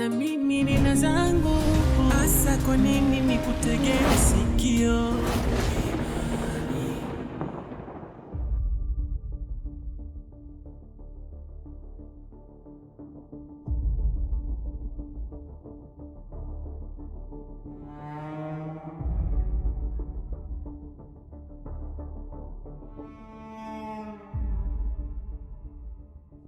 na mimi nina zangu, hasa kwa nini nikutegee sikio?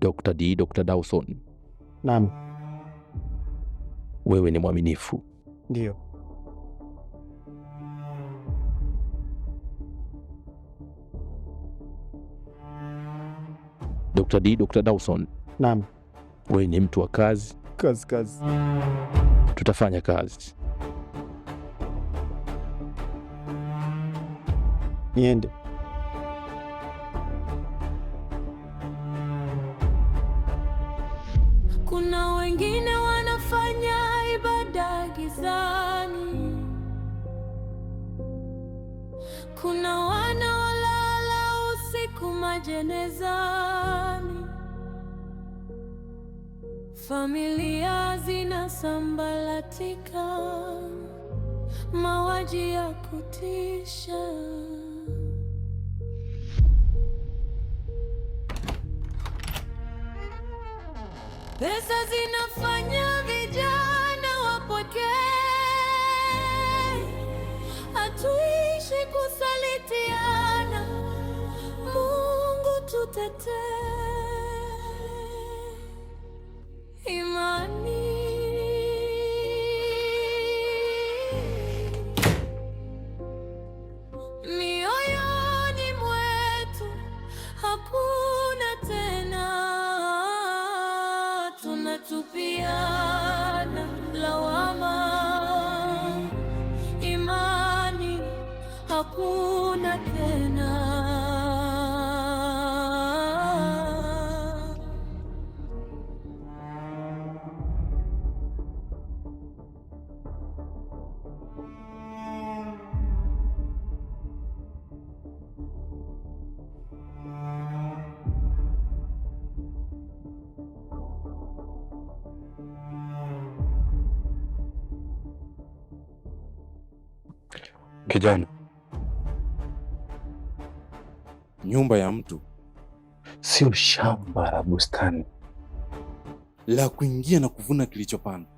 Dr. D, Dr. Dawson. Naam wewe ni mwaminifu. Ndio. Dr. D, Dr. Dawson. Naam. Wewe ni mtu wa kazi. Kazi, kazi. Tutafanya kazi. Niende. jenezani, familia zinasambalatika, mauaji ya kutisha. Pesa zinafanya vijana wapotee, hatuishi kusalitia tutetee imani Kijana, nyumba ya mtu sio shamba la bustani la kuingia na kuvuna kilichopandwa.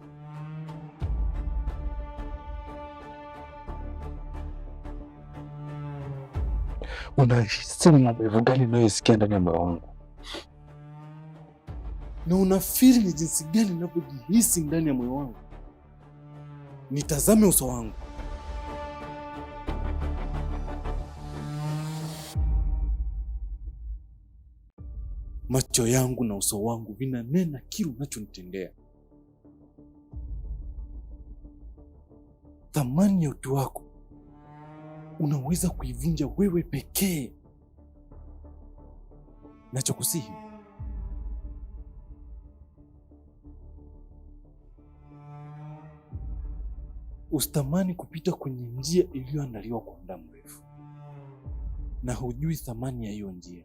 Unahisi maumivu gani unayoisikia ndani ya moyo wangu, na unafiri ni jinsi gani ninavyojihisi ndani ya moyo wangu? Nitazame uso wangu macho yangu na uso wangu vinanena kile unachonitendea. Thamani ya utu wako unaweza kuivunja wewe pekee. Nachokusihi, usitamani kupita kwenye njia iliyoandaliwa kwa muda mrefu, na hujui thamani ya hiyo njia.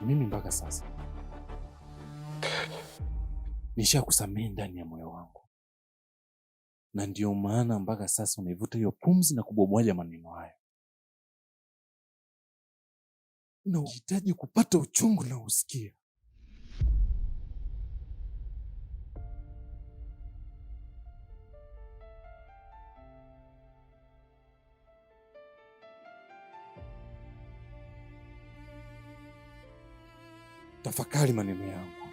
Mimi mpaka sasa nishakusamehe ndani ya moyo wangu, na ndio maana mpaka sasa unaivuta hiyo pumzi na kubomwaja maneno hayo. Na uhitaji kupata uchungu na usikia tafakari maneno yangu.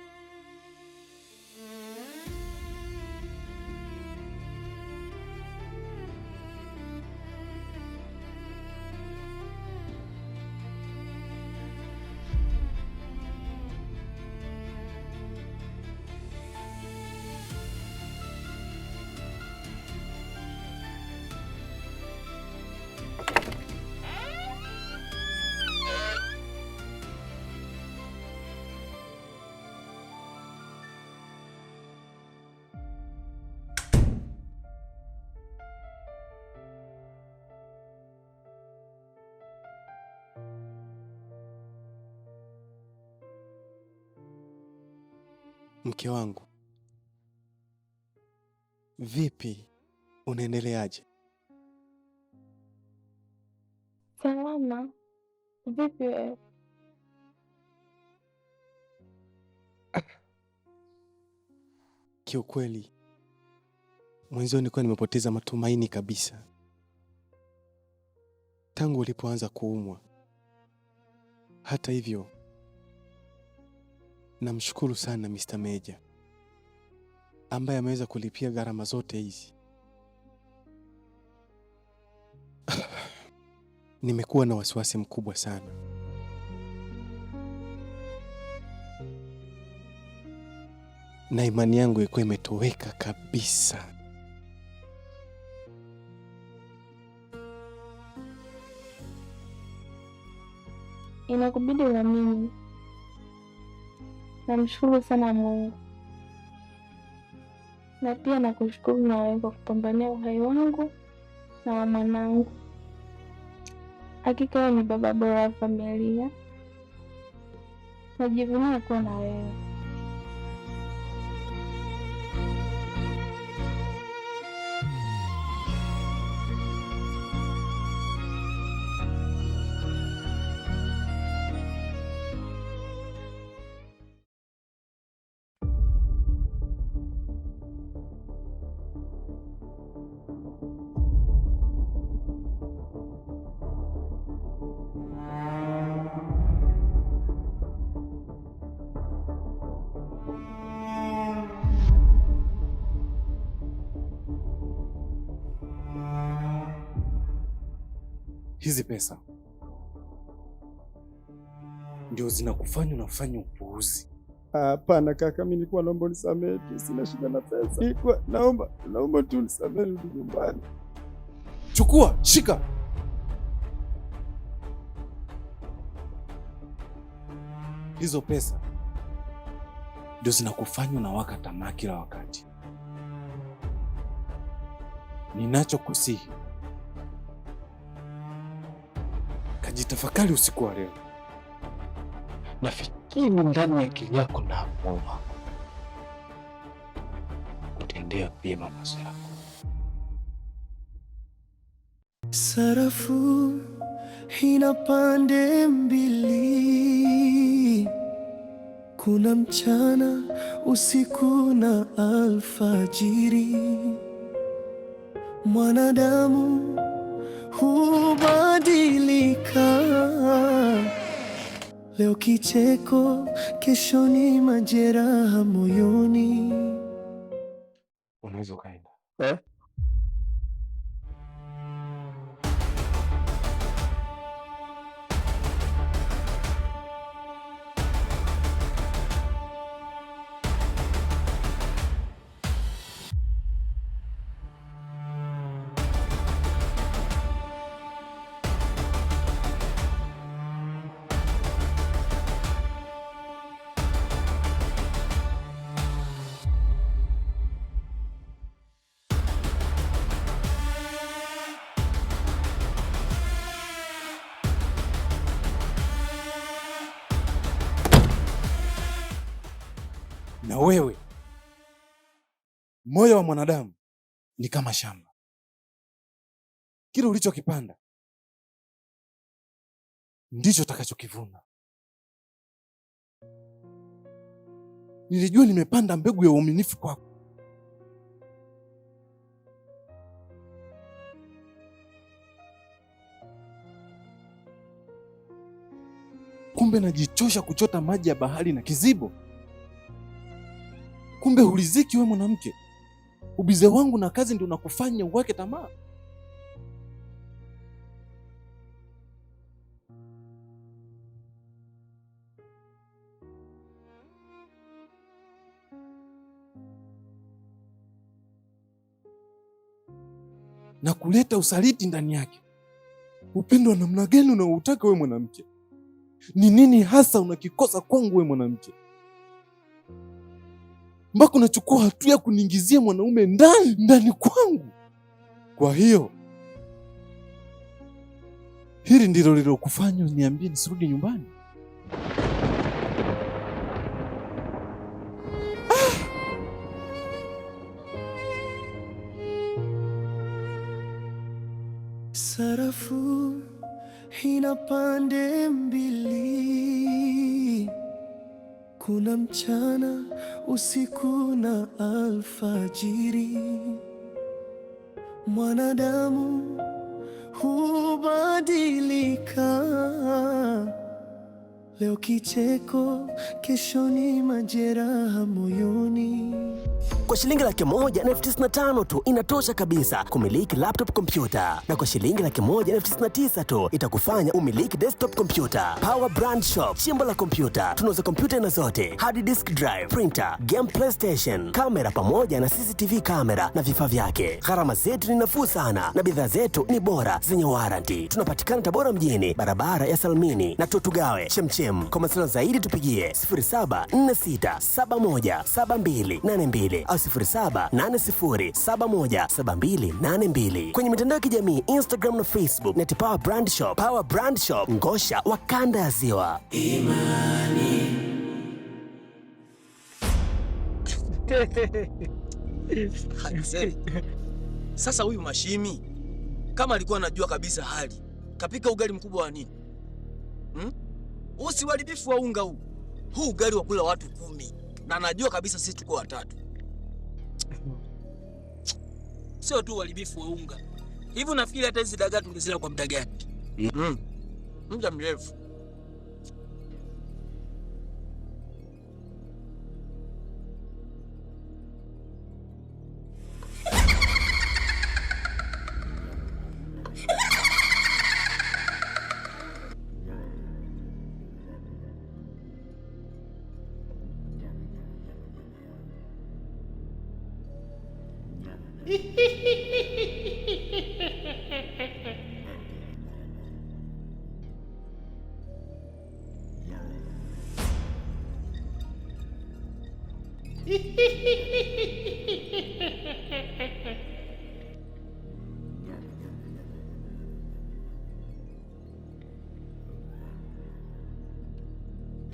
Mke wangu, vipi, unaendeleaje? Salama. Vipi wewe? Kiukweli mwenzio nilikuwa nimepoteza matumaini kabisa tangu ulipoanza kuumwa. Hata hivyo, namshukuru sana Mr. Meja ambaye ameweza kulipia gharama zote hizi. Nimekuwa na wasiwasi mkubwa sana. Na imani yangu ilikuwa imetoweka kabisa. inakubidi uamini. Namshukuru sana Mungu, na pia nakushukuru na wewe kwa kupambania uhai wangu na wa mwanangu. Hakika wewe ni baba bora wa familia, najivunia kuwa na wewe. hizi pesa ndio zinakufanya unafanya upuuzi. Hapana kaka, mi nilikuwa naomba unisamehe tu, sina shida na pesa. Ikwa, naomba naomba tu unisamehe, rudi nyumbani. Chukua, shika. Hizo pesa ndio zinakufanya waka tamaa kila wakati. Ninachokusihi Jitafakari usiku wa leo, nafikiri ndani ya akili yako na moyo wako kutendea vyema maisha yako. Sarafu ina pande mbili, kuna mchana, usiku na alfajiri. Mwanadamu hubadilika. Leo kicheko, kesho ni majeraha moyoni. Unaweza ukaenda eh? Moyo wa mwanadamu ni kama shamba, kile ulichokipanda ndicho utakachokivuna. Nilijua nimepanda mbegu ya uaminifu kwako. Kumbe najichosha kuchota maji ya bahari na kizibo. Kumbe huliziki we mwanamke ubize wangu na kazi ndio unakufanya uwake tamaa. na kuleta usaliti ndani yake. Upendo wa namna gani unaoutaka wewe mwanamke? Ni nini hasa unakikosa kwangu wewe mwanamke? mpaka unachukua hatua ya kuniingizia mwanaume ndani ndani kwangu. Kwa hiyo hili ndilo lilokufanya niambie nisirudi nyumbani? Ah! Sarafu ina pande mbili kuna mchana, usiku na alfajiri. Mwanadamu hubadilika, leo kicheko, kesho ni majeraha moyoni. Kwa shilingi laki moja na elfu tisini na tano tu inatosha kabisa kumiliki laptop kompyuta, na kwa shilingi laki moja na elfu tisini na tisa tu itakufanya umiliki desktop kompyuta. Power Brand Shop, chimbo la kompyuta. Tunauza kompyuta na zote, hard disk drive, printer, game playstation, kamera pamoja na CCTV kamera na vifaa vyake. Gharama zetu ni nafuu sana na bidhaa zetu ni bora zenye waranti. Tunapatikana Tabora mjini, barabara ya Salmini na Tutugawe Chemchem. Kwa masuala zaidi tupigie 0746717282. 0780717282 kwenye mitandao ya kijamii Instagram na Facebook neti Power Brand Shop. Power Brand Shop, ngosha wa kanda ya Ziwa. Imani Sasa huyu Mashimi kama alikuwa anajua kabisa hali kapika ugali mkubwa wa nini? Hmm? Usi uharibifu wa unga huu. Huu ugali wa kula watu kumi na najua kabisa sisi tuko watatu sio tu uharibifu wa unga. Hivi unafikiri hata hizi dagaa tungezila kwa muda gani? Muda mrefu.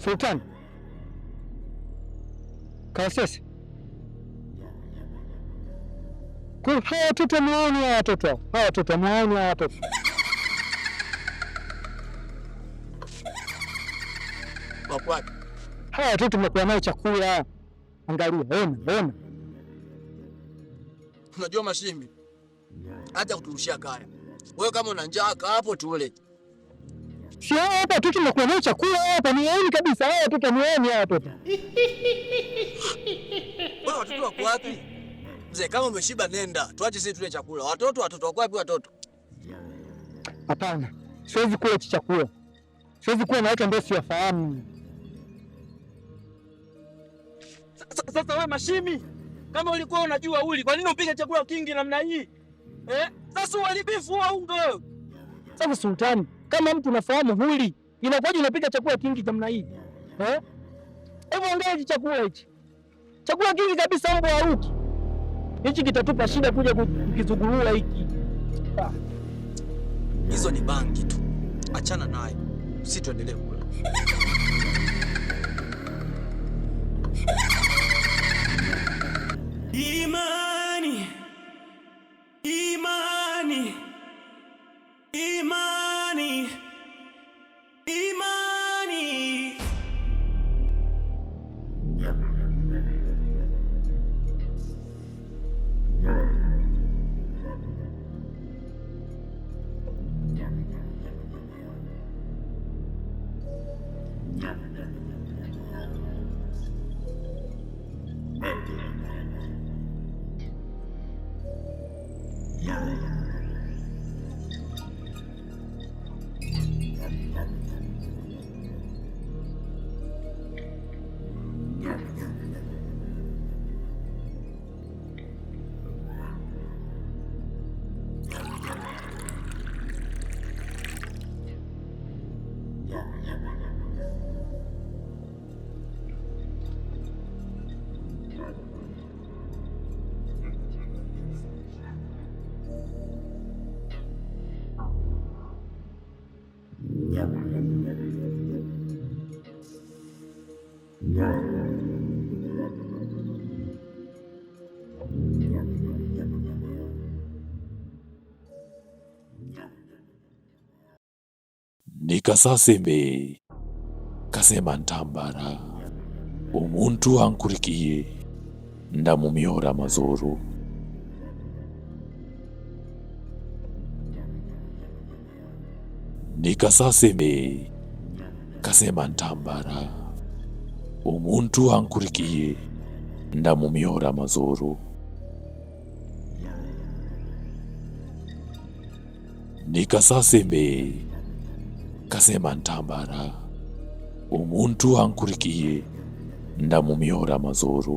Sultan Kausesi, hawa watoto maoni, hawa watoto hawa watoto maoni, hawa watoto hawa watoto mnakuwa nao chakula. Angalia, ona ona, unajua mashimi hata kuturushia kaya. Wewe kama una njaa hapo tule Sio hapa tu tunakula nayo chakula hapa ni yaani kabisa hapa tu. Wewe watoto wako wapi? Mzee kama umeshiba nenda, tuache sisi tule chakula. Watoto watoto wako wapi watoto? Hapana. Siwezi kula hichi chakula. Siwezi na watu ambao siwafahamu. Sasa wewe mashimi, kama ulikuwa unajua uli, kwa nini upige chakula kingi namna hii? Eh? Sasa uharibifu wa Sasa Sultani, kama mtu unafahamu huli, inakuwaje unapika chakula kingi namna hii eh? Hebu angalia hichi chakula hichi, chakula kingi kabisa, mbwa ruki. hichi, kitatupa shida kuja kukizungulula hiki. Hizo ni bangi tu, achana nayo, tuendelee kula Ima Yeah. Nikasasembe kasema ntambara omuntu ankurikiye ndamumyora amazuru nikasasembe kasema ntambara omuntu ankurikiye ndamumihora amazuru nikasasembeye kasema ntambara omuntu ankurikiye ndamumihora amazuru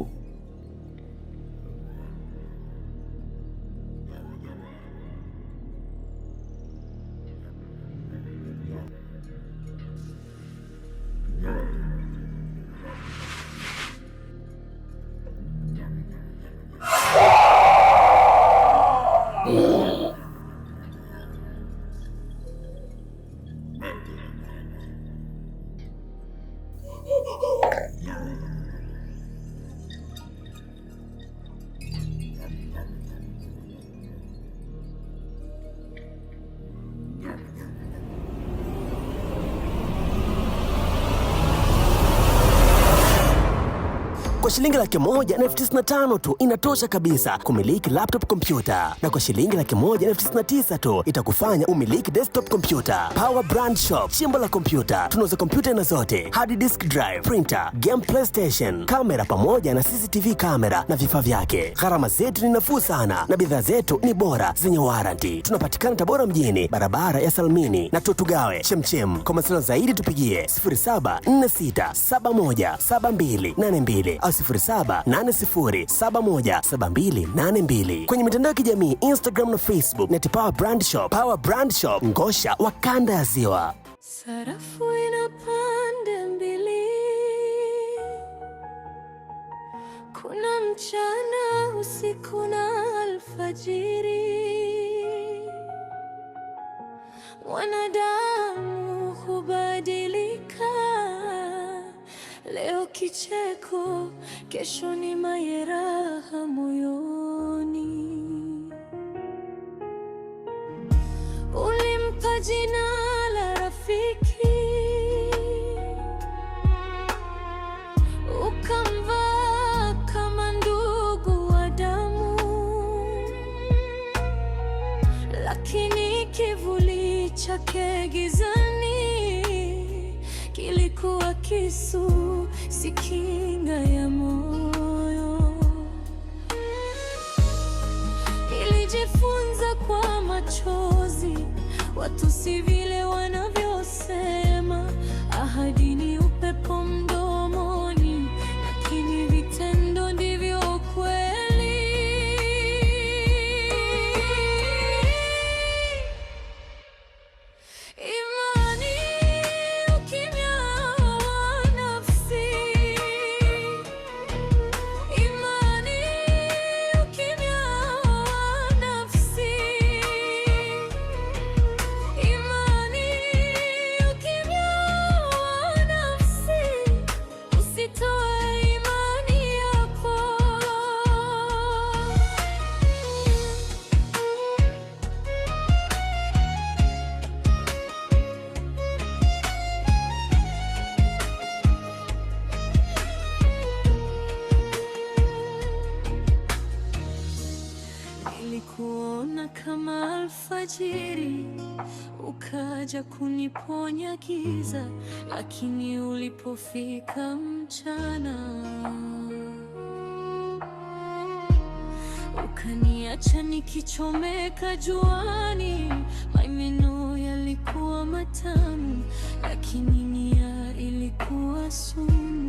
Kwa shilingi laki moja na elfu tisini na tano tu inatosha kabisa kumiliki laptop kompyuta, na kwa shilingi laki moja na elfu tisini na tisa tu itakufanya umiliki desktop kompyuta. Power Brand Shop, chimbo la kompyuta. Tunauza kompyuta na zote, hard disk drive, printer, game playstation, kamera pamoja na CCTV kamera na vifaa vyake. Gharama zetu ni nafuu sana na bidhaa zetu ni bora zenye waranti. Tunapatikana Tabora mjini, barabara ya Salmini na Tutugawe Chemchem. Kwa masuala zaidi tupigie 0746717282. 078070717282 kwenye mitandao ya kijamii Instagram na Facebook neti Power Brand Shop. Power Brand Shop Ngosha wa kanda ya Ziwa. Sarafu ina pande mbili, kuna mchana, usiku na alfajiri. Wanadamu hubadilika Leo kicheko, kesho ni majeraha moyoni. Ulimpa jina la rafiki kuona kama alfajiri, ukaja kuniponya giza, lakini ulipofika mchana ukaniacha nikichomeka juani. Maneno yalikuwa matamu, lakini nia ilikuwa sumu.